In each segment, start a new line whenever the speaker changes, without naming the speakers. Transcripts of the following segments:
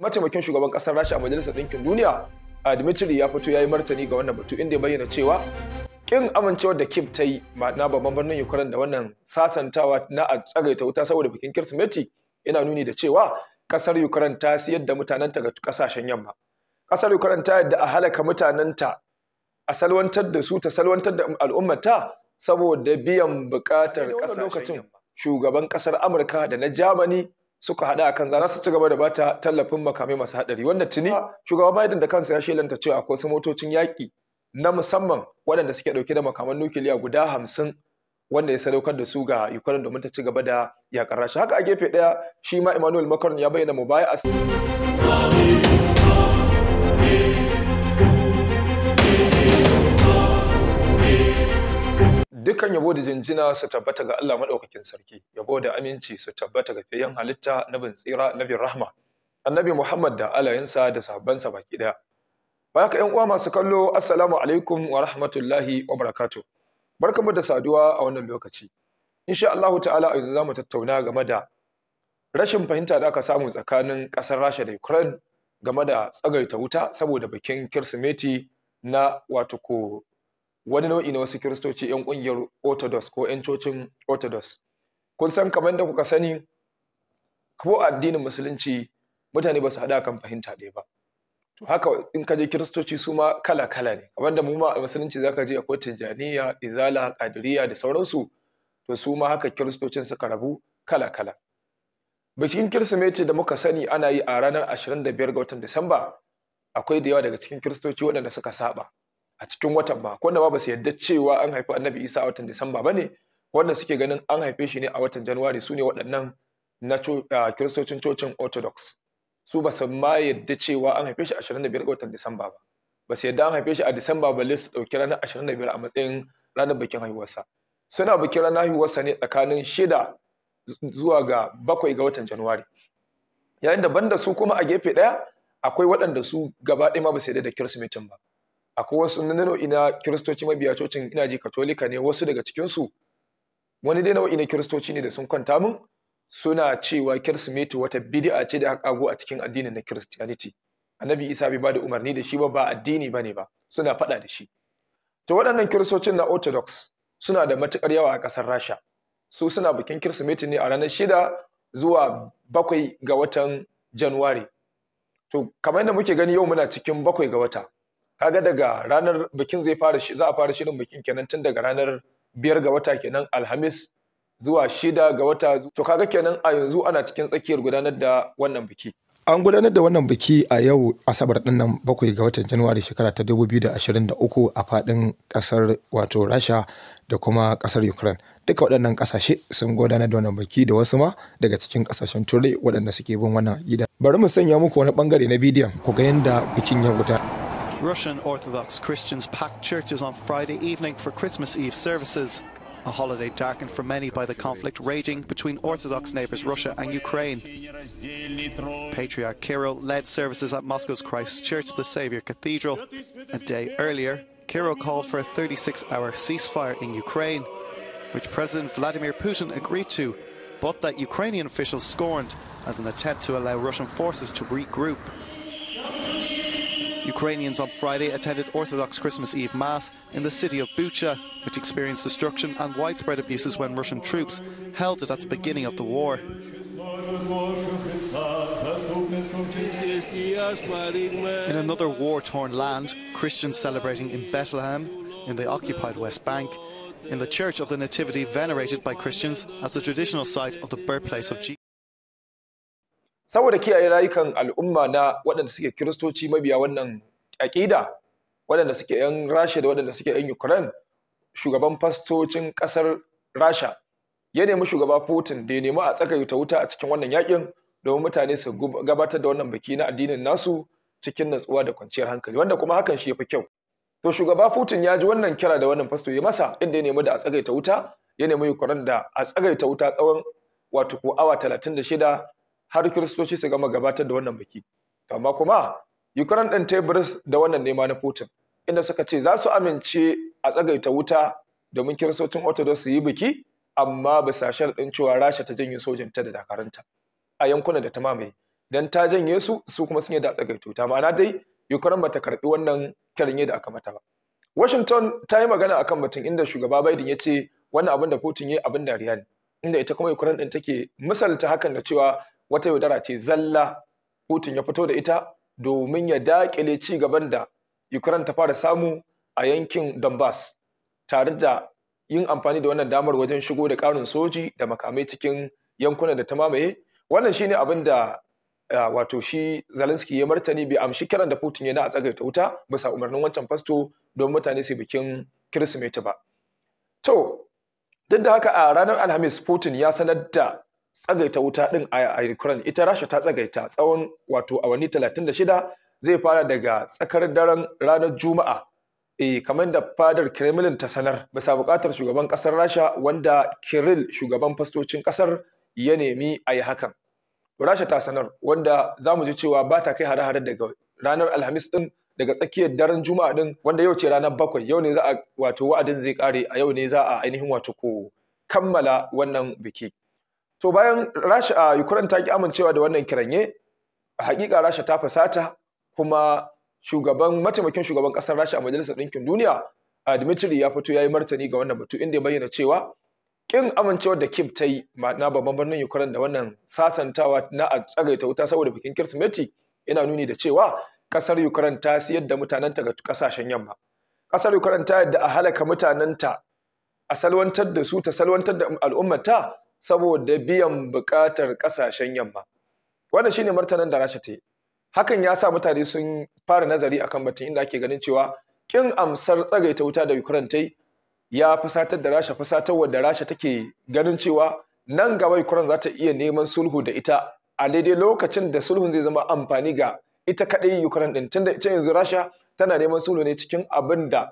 mataimakin shugaban kasar rasha a majalisar ɗinkin duniya a dimitri ya fito ya yi martani ga wannan batu inda ya bayyana cewa kin amincewar da kim ta yi na babban birnin ukraine da wannan sasantawa na a tsagaita wuta saboda bikin kirsimeti yana nuni da cewa kasar Yukuran ta siyar da mutanenta ga kasashen yamma kasar Yukuran ta yadda a halaka mutanenta a salwantar da su ta salwantar da al'ummata saboda biyan bukatar kasashen yamma shugaban kasar amurka da na germany suka haɗa kan za su ci gaba da bata tallafin makamai masu haɗari wanda tuni ah. shugaba Biden da kansa ya shelanta cewa akwai wasu motocin yaƙi na musamman waɗanda suke ɗauke da makaman nukiliya guda hamsin wanda ya sadaukar da su ga Ukraine domin ta ci gaba da yakar Rasha haka a gefe ɗaya shi ma Emmanuel Macron ya bayyana mu baya a dukkan yabo da jinjina su tabbata ga Allah maɗaukakin sarki yabo da aminci su tabbata ga fiyayyen halitta na bin tsira na bin rahma annabi Muhammad da alayensa da sahabbansa baki ɗaya baka yan uwa masu kallo assalamu alaikum wa rahmatullahi wa barakatuh barkamu da saduwa a wannan lokaci insha Allah ta'ala a yanzu za mu tattauna game da rashin fahimta da aka samu tsakanin ƙasar Rasha da Ukraine game da tsagaita wuta saboda bikin Kirsimeti na wato wani nau'i na wasu kiristoci 'yan ƙungiyar orthodox ko 'yan cocin orthodox kun san kamar da kuka sani ko addinin musulunci mutane ba su haɗa kan fahimta ɗaya ba to haka in ka je kiristoci su ma kala kala ne kamar da mu ma a musulunci ka je akwai tijjaniya izala kadiriya da sauransu to su ma haka kiristocin suka rabu kala kala bikin kirsimeti da muka sani ana yi a ranar 25 ga watan disamba akwai da yawa daga cikin kiristoci waɗanda suka saba a cikin watan ba wanda ma ba su yarda cewa an haifi annabi isa a watan disamba ba ne wanda suke ganin an haife shi ne a watan januwari su ne waɗannan na kiristocin cocin orthodox su ba su ma yarda cewa an haife shi a 25 ga watan disamba ba ba su yarda an haife shi a disamba ba su ɗauki ranar 25 a matsayin ranar bikin haihuwarsa suna bikin ranar haihuwarsa ne tsakanin shida zuwa ga bakwai ga watan januwari yayin da banda su kuma a gefe ɗaya akwai waɗanda su gaba ɗaya ma ba su yarda da kirsimetin ba akwai wasu nau'i na kiristoci mabiya cocin ina ji katolika ne wasu daga cikinsu wani dai nau'i na kiristoci ne da sun kwanta mun suna cewa kirsimeti wata bidi'a ce da aka kago a cikin addinin na christianity annabi isa bai bada umarni da shi ba ba addini bane ba suna faɗa da shi to waɗannan kiristocin na orthodox suna da matukar yawa a ƙasar rasha su suna bikin kirsimeti ne a ranar shida zuwa bakwai ga watan januwari to kamar yadda muke gani yau muna cikin bakwai ga wata kaga daga ranar bikin zai fara za a fara shirin bikin kenan tun daga ranar biyar ga wata kenan alhamis zuwa shida ga wata to kaga kenan a yanzu ana cikin tsakiyar gudanar da wannan biki an gudanar da wannan biki a yau asabar dinnan bakwai ga watan januwari shekara ta 2023 a fadin kasar wato rasha da kuma kasar ukraine duka waɗannan ƙasashe sun gudanar da wannan biki da wasu ma daga cikin ƙasashen turai waɗanda suke bin wannan gida bari mu sanya muku wani bangare na bidiyon ku ga yadda bikin ya gudana Russian Orthodox Christians packed churches on Friday evening for Christmas Eve services, a holiday darkened for many by the conflict raging between Orthodox neighbours Russia and Ukraine. Patriarch Kirill led services at Moscow's Christ Church the Saviour Cathedral. A day earlier, Kirill called for a 36-hour ceasefire in Ukraine, which President Vladimir Putin agreed to, but that Ukrainian officials scorned as an attempt to allow Russian forces to regroup. Ukrainians on Friday attended Orthodox Christmas Eve Mass in the city of Bucha, which experienced destruction and widespread abuses when Russian troops held it at the beginning of the war. In another war-torn land, Christians celebrating in Bethlehem, in the occupied West Bank, in the Church of the Nativity venerated by Christians as the traditional site of the birthplace of Jesus. saboda kiyaye rayukan al'umma na waɗanda suke kiristoci mabiya wannan aƙida waɗanda suke yan rasha da waɗanda suke yan ukraine shugaban fastocin ƙasar rasha ya nemi shugaba putin da ya nemi a ta wuta a cikin wannan yakin domin mutane su gabatar da wannan biki na addinin nasu cikin natsuwa da kwanciyar hankali wanda kuma hakan shi fi kyau to shugaba putin ya ji wannan kira da wannan fasto ya masa inda ya nemi da a tsagaita wuta ya nemi ukraine da a tsagaita wuta tsawon wato ko awa talatin da 36 har kiristoci su gama gabatar da wannan biki amma kuma Ukraine ɗin ta da wannan nema na Putin inda suka ce za su amince a tsagaita wuta domin kiristocin Orthodox su yi biki amma bisa sharɗin cewa Rasha ta janye ta da dakaranta a yankunan da ta mamaye dan ta janye su su kuma sun yi da tsagaita wuta ma'ana dai Ukraine bata karbi wannan kirnye da aka mata ba Washington ta yi magana akan batun inda shugaba Biden ya ce wannan abin da Putin ya abin dariya ne inda ita kuma Ukraine din take misalta hakan da cewa wata yaudara ce zalla Putin ya fito da ita domin ya dakile ci gaban da Ukraine ta fara samu a yankin Donbass tare da yin amfani da wannan damar wajen shigo da karin soji da makamai cikin yankunan da ta mamaye wannan shine abin da wato shi Zelensky ya martani bai amshi kiran da Putin ya na a ta wuta bisa umarnin wancan fasto don mutane su bikin Kirsimeti ba to duk da haka a ranar Alhamis Putin ya sanar da tsagaita wuta ɗin a Ukraine ita Rasha ta tsagaita tsawon wato awanni shida zai fara daga tsakar daren ranar Juma'a eh kamar da fadar Kremlin ta sanar bisa buƙatar shugaban ƙasar Rasha wanda Kirill shugaban fastocin ƙasar ya nemi a yi hakan Rasha ta sanar wanda za mu ji cewa ba ta kai hare-hare daga ranar Alhamis ɗin daga tsakiyar daren Juma'a din wanda yau ce ranar bakwai yau ne za a wato wa'adin zai kare a yau ne za a ainihin wato ko kammala wannan biki to bayan rasha a ukraine ta ki amincewa da wannan kiranye eh, hakika rasha ta fasata kuma shugaban mataimakin shugaban kasar rasha a majalisar Dinkin duniya Dmitry ya fito ya yi martani ga wannan batu inda ya bayyana cewa kin amincewar da Kim ta yi na babban birnin Ukraine da wannan sasantawa na a tsagaita wuta saboda bikin Kirsimeti yana nuni da cewa kasar Ukraine ta siyar da mutanenta ga kasashen yamma. Kasar Ukraine ta yadda a halaka mutanenta a salwantar da su ta salwantar da al'ummata saboda biyan buƙatar ƙasashen yamma wannan shine martanin da Rasha ta yi hakan ya sa mutane sun fara nazari akan batun inda ake ganin cewa kin amsar tsagaita wuta da Ukraine ta ya fasatar da Rasha Fusatar da Rasha take ganin cewa nan gaba Ukraine za ta iya neman sulhu da ita a daidai lokacin da sulhun zai zama amfani ga ita kaɗai Ukraine ɗin tunda ita yanzu Rasha tana neman sulhu ne cikin abin da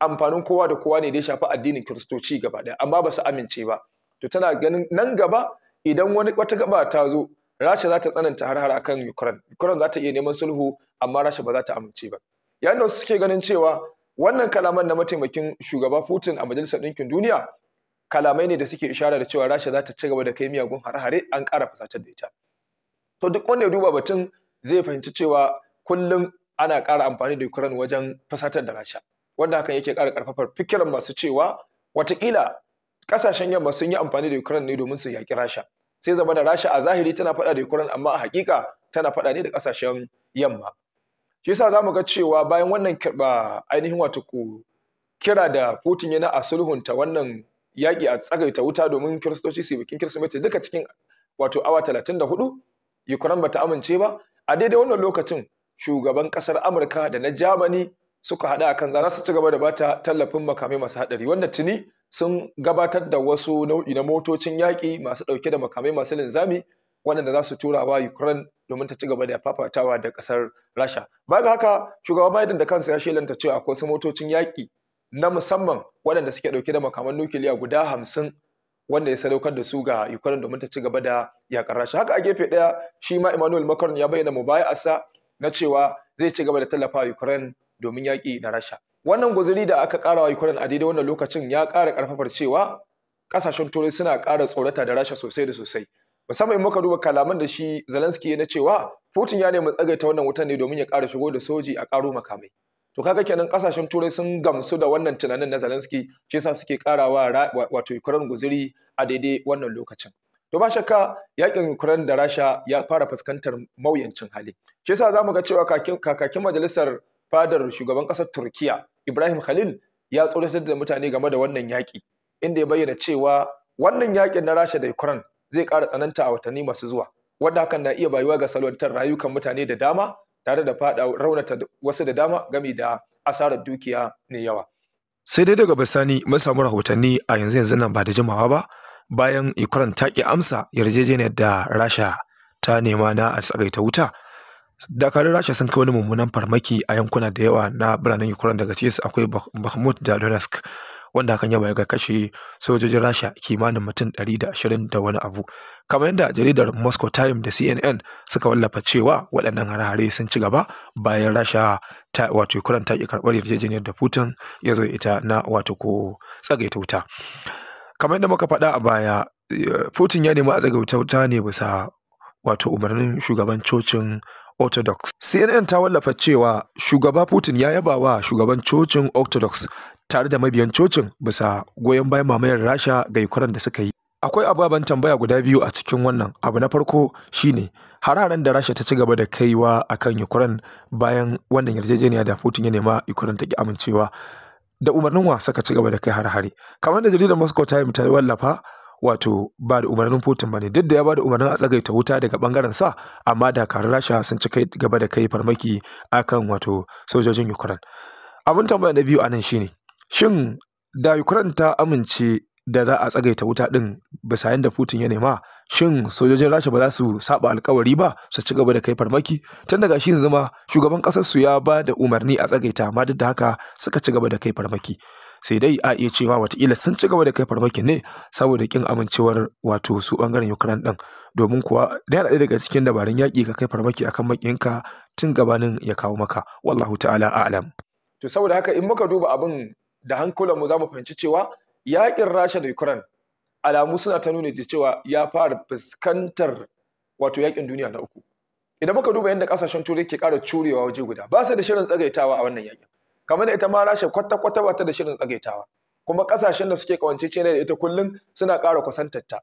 amfanin kowa da kowa ne da ya shafi addinin Kiristoci gaba ɗaya amma ba su amince ba to tana ganin nan gaba idan wani wata gaba ta zo Rasha za ta tsananta har har akan Ukraine Ukraine za ta iya neman sulhu amma Rasha ba za ta amince ba yayin da suke ganin cewa wannan kalaman na mataimakin shugaba Putin a majalisar ɗinkin duniya kalamai ne da suke isharar da cewa Rasha za ta ci gaba da kai miyagun har-hare an ƙara fasatar da ita to duk wanda ya duba batun zai fahimci cewa kullum ana ƙara amfani da Ukraine wajen fasatar da Rasha wanda hakan yake ƙara ƙarfafar fikiran masu cewa watakila kasashen yamma sun yi amfani da Ukraine ne domin su yaki Rasha sai zama da Rasha a zahiri tana faɗa da Ukraine amma a hakika tana faɗa ne da kasashen yamma shi yasa zamu ga cewa bayan wannan ainihin wato ku kira da Putin yana a sulhunta wannan yaki a tsagaita wuta domin kiristoci su bikin kirsimeti duka cikin wato awa 34 Ukraine bata amince ba a daidai wannan lokacin shugaban kasar Amurka da na Germany suka hada kan za su ci gaba da bata tallafin makamai masu hadari wannan tuni sun gabatar da wasu nau'i na motocin yaƙi masu ɗauke da makamai masu linzami waɗanda za su tura wa Ukraine domin ta ci gaba da fafatawa da ƙasar Rasha. Ba ga haka, shugaban Biden da kansa ya shelanta cewa akwai wasu motocin yaƙi na musamman waɗanda suke ɗauke da makaman nukiliya guda hamsin wanda ya sadaukar da su ga Ukraine domin ta ci gaba da yaƙar Rasha. Haka a gefe ɗaya, shi ma Emmanuel Macron ya bayyana mubaya'arsa na cewa zai ci gaba da tallafa Ukraine domin yaƙi na Rasha. wannan guzuri da aka ƙara wa Ukraine a daidai wannan lokacin ya ƙara ƙarfafar cewa ƙasashen turai suna ƙara tsorata da rasha sosai da sosai musamman muka duba kalaman da shi Zelensky na cewa Putin ya nemi tsagaita wannan wutan ne domin ya ƙara shigo da soji a ƙaro makamai to kaga kenan ƙasashen turai sun gamsu da wannan tunanin na Zelensky shi yasa suke ƙarawa wato Ukraine guzuri a daidai wannan lokacin to ba shakka yakin Ukraine da Rasha ya fara fuskantar mawuyancin hali shi yasa zamu ga cewa kakakin majalisar fadar shugaban ƙasar Turkiya Ibrahim Khalil ya tsoratar da mutane game da wannan yaƙi inda ya bayyana cewa wannan yaƙin na Rasha da Ukraine zai ƙara tsananta a watanni masu zuwa wanda hakan na iya bayuwa ga salwantar rayukan mutane da dama tare da faɗa raunata wasu da dama game da asarar dukiya ne yawa. Sai dai daga bisani mun samu rahotanni a yanzu yanzu nan ba da jimawa ba bayan Ukraine ta ki amsa yarjejeniyar da Rasha ta nema na a tsagaita wuta dakarun rasha sun kai wani mummunan farmaki a yankuna da yawa na biranen ukraine daga cikinsu akwai bakhmut da donetsk wanda hakan ya ga kashe sojojin rasha kimanin mutum 120 da wani abu kamar yadda jaridar moscow time da cnn suka wallafa cewa waɗannan hare sun ci gaba bayan rasha ta wato ukraine ta ki karɓar yarjejeniyar da putin ya zo ita na wato ko ta wuta kamar yadda muka faɗa a baya eh, putin ya nemi a tsagaita wuta ne bisa wato umarnin shugaban cocin Orthodox. CNN ta wallafa cewa shugaba Putin ya yaba wa shugaban cocin Orthodox tare da mabiyan cocin bisa goyon bayan mamayar Rasha ga Ukraine da suka yi. Akwai ababen tambaya guda biyu a cikin wannan. Abu na farko shine hararen da Rasha ta ci gaba da kaiwa akan Ukraine bayan wannan yarjejeniya da Putin ya nema Ukraine ta ki amincewa. Da umarnin wa suka ci gaba da kai har-hare. Kamar da jaridar Moscow Times ta wallafa, wato ba da umarnin Putin ne, duk da ya ba da umarnin a tsagaita wuta daga bangaren sa amma dakarun Rasha sun ci gaba da kai farmaki akan wato sojojin Ukraine abin tambaya na biyu anan shine shin da Ukraine ta amince da za a tsagaita wuta din bisa yadda Putin ya nema shin sojojin Rasha ba za su saba alkawari ba su ci gaba da kai farmaki tun daga shi zama shugaban kasar su ya ba da umarni a tsagaita amma duk da haka suka ci gaba da kai farmaki sai dai a iya cewa watakila sun ci gaba da kai farmakin ne saboda kin amincewar wato su bangaren ukraine din domin kuwa da yana daga cikin dabarun yaƙi ka kai farmaki akan makinka tun gabanin ya kawo maka wallahu ta'ala a'lam to saboda haka in muka duba abin da hankulanmu za mu fahimci cewa yaƙin rasha da ukraine alamu suna ta nuna cewa ya fara fuskantar wato yaƙin duniya na uku idan muka duba yadda ƙasashen turai ke ƙara curewa waje guda ba su da shirin tsagaitawa a wannan yaƙin kamar da ita ma rasha kwata-kwata ba ta da shirin tsagaitawa kuma kasashen da suke kawance ce ne da ita kullum suna ƙara kusantarta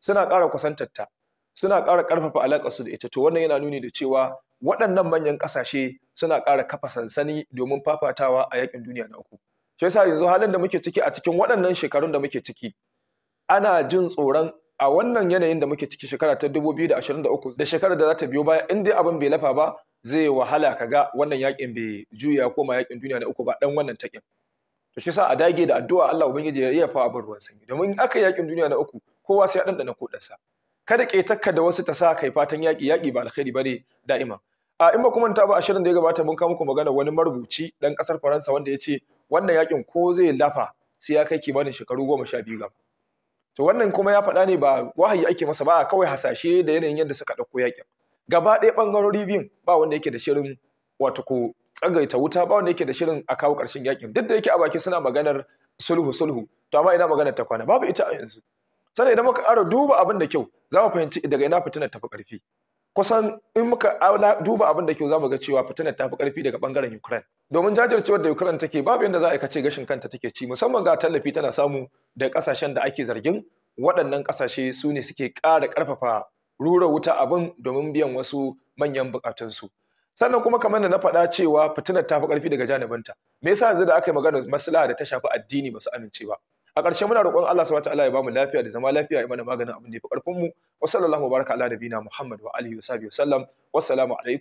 suna ƙara kusantarta suna ƙara ƙarfafa alaƙar su da ita to wannan yana nuni da cewa waɗannan manyan ƙasashe suna ƙara kafa sansani domin fafatawa a yakin duniya na uku shi yasa yanzu halin da muke ciki a cikin waɗannan shekarun da muke ciki ana jin tsoron a wannan yanayin da muke ciki shekara ta 2023 da shekarar da za ta biyo baya in dai abin bai lafa ba zai wahala kaga wannan yakin bai juya koma yakin duniya na uku ba dan wannan takin to shi sa a dage da addu'a Allah ubangiji ya iya fawa abin ruwan sanyi domin aka yakin duniya na uku kowa sai ya na kodarsa kada ketakka da wasu ta sa kai fatan yaki yaki ba alkhairi bane da'ima a in ba kuma ta ba ashirin da ya gabata mun kawo muku magana wani marubuci dan kasar Faransa wanda ya ce wannan yakin ko zai lafa sai ya kai bani shekaru goma sha biyu gaba to wannan kuma ya faɗa ne ba wahayi ake masa ba kawai hasashe da yanayin yadda suka ɗauko yakin gaba ɗaya ɓangarori biyun ba wanda yake da shirin wato ko tsagaita wuta ba wanda yake da shirin a kawo ƙarshen yakin duk da yake a baki suna maganar sulhu sulhu to amma ina maganar ta kwana babu ita a yanzu sannan idan muka ƙara duba abin da kyau za mu fahimci daga ina fitinar tafi ƙarfi kusan in muka duba abin da kyau za mu ga cewa fitinar tafi ƙarfi daga ɓangaren Ukraine domin jajircewar da Ukraine take babu yadda za a kace gashin kanta take ci musamman ga tallafi tana samu da ƙasashen da ake zargin waɗannan ƙasashe su ne suke ƙara ƙarfafa rura wuta abin domin biyan wasu manyan bukatunsu sannan kuma kamar da na faɗa cewa fitinar ta fi ƙarfi daga janibinta me yasa yanzu da aka yi magana maslaha da ta shafi addini ba su amince ba a ƙarshe muna roƙon Allah subhanahu ya bamu lafiya da zama lafiya ya mana maganin abin da ya fi ƙarfin mu wa sallallahu baraka ala nabiyina muhammad wa alihi wa sahbihi wa sallam wassalamu alaikum